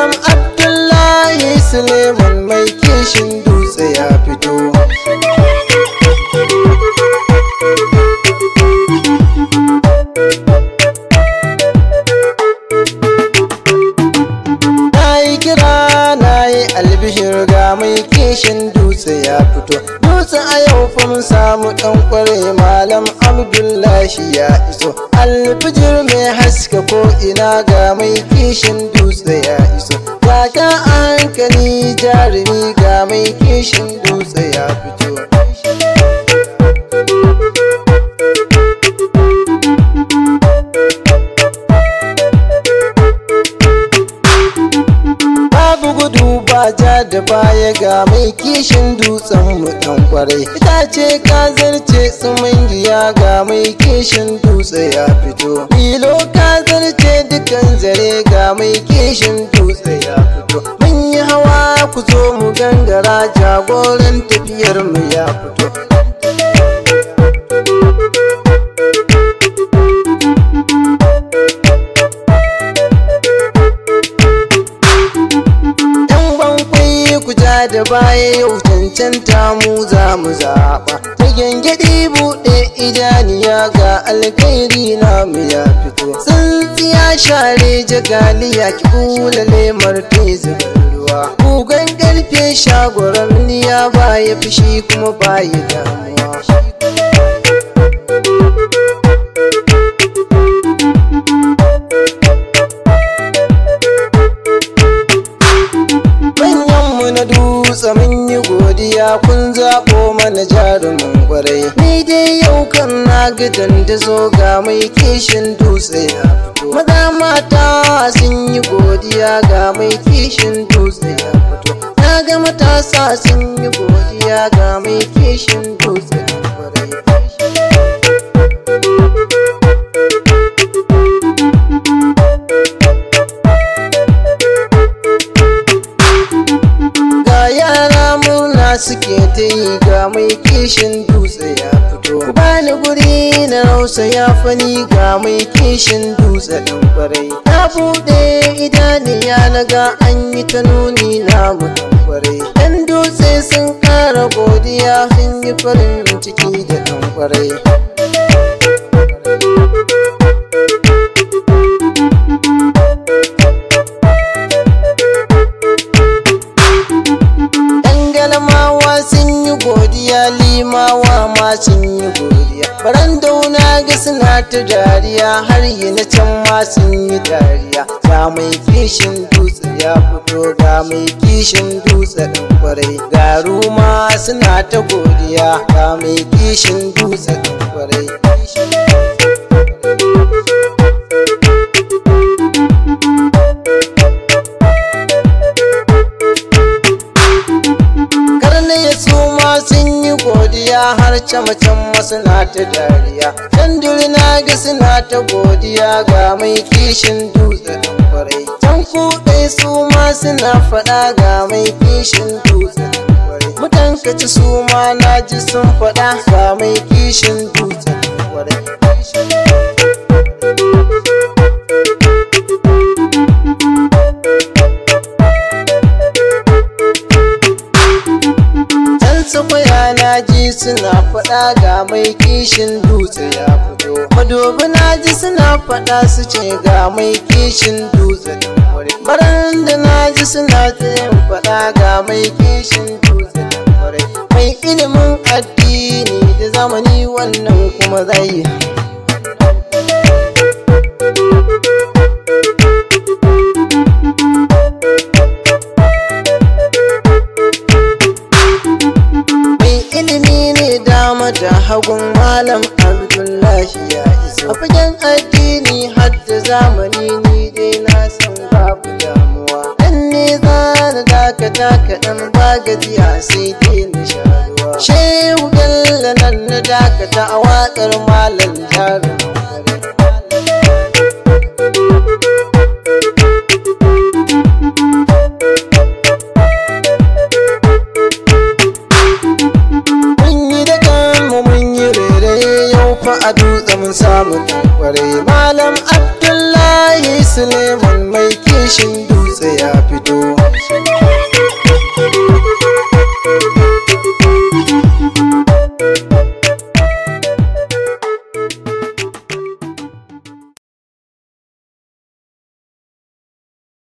Adam Abdullahi Suleiman mai kishin dutse ya fito. kira albishir ga mai kishin dutse ya fito dutse a yau fam samu ɗan kware malam abdullahi ya iso alfijir mai haska ina ga mai kishin dutse ya iso waka a hankali jarumi ga mai kishin dutse ya fito gaba da baya ga mai kishin dutsen mutan kware ita ce ka zarce mangiya ga mai kishin dutse ya fito filo ka zarce dukan zare ga mai kishin dutse ya fito mun yi hawa ku zo mu gangara jagoran tafiyar mu ya fito baya yau cancanta mu za mu zaɓa ta gyangyaɗe buɗe idaniya ga alkhairi na mu ya fito tsintsiya share jagaliya ki kula lemar tezi ruwa kugan ƙarfe shagoran niya baya fushi kuma baya damuwa ya kun zaɓo mana jarumin kwarai ni dai yau kan na gidan da zo ga mai kishin dutse ya fito maza mata sun yi godiya ga mai kishin dutse ya fito na ga matasa sun yi godiya ga mai kishin dutse ya fito. yi ga mai kishin dutse ya fito ku bani guri na rausa ya fani ga mai kishin dutse dan kwarai na buɗe idaniya ya naga an yi ta nuni na mu kwarai dan dutse sun ƙara godiya sun yi farin ciki da dan kwarai sun yi godiya barandau na ga suna ta dariya har yi na can ma sun yi dariya ga mai kishin dutse ya fito ga mai kishin dutse ɗin kwarai ga ruma suna ta godiya ga mai kishin dutse ɗin kwarai dariya har camacin masana ta dariya danduri na ga suna ta godiya ga mai kishin dutse ɗan kwarai can kuɗai su ma suna faɗa ga mai kishin dutse ɗan kwarai mutan kaci su ma na ji sun faɗa ga mai kishin dutse ɗan kwarai Can na ji suna faɗa ga mai kishin dutse ya fito. Madobi na ji suna faɗa su ce ga mai kishin dutse da wuri. Baran da na ji suna ta faɗa ga mai kishin dutse da wuri. Mai ilimin addini da zamani wannan kuma zai yi. dama da hagun malam abdullahi ya iso a fagen addini har da zamani ni dai na san babu damuwa dan ne zana dakata kaɗan ba gajiya sai dai na sha ruwa shehu galla nan na dakata a waƙar malam jarumawa fa a mun samun ware malam abdullahi suleiman mai kishin dutse ya fito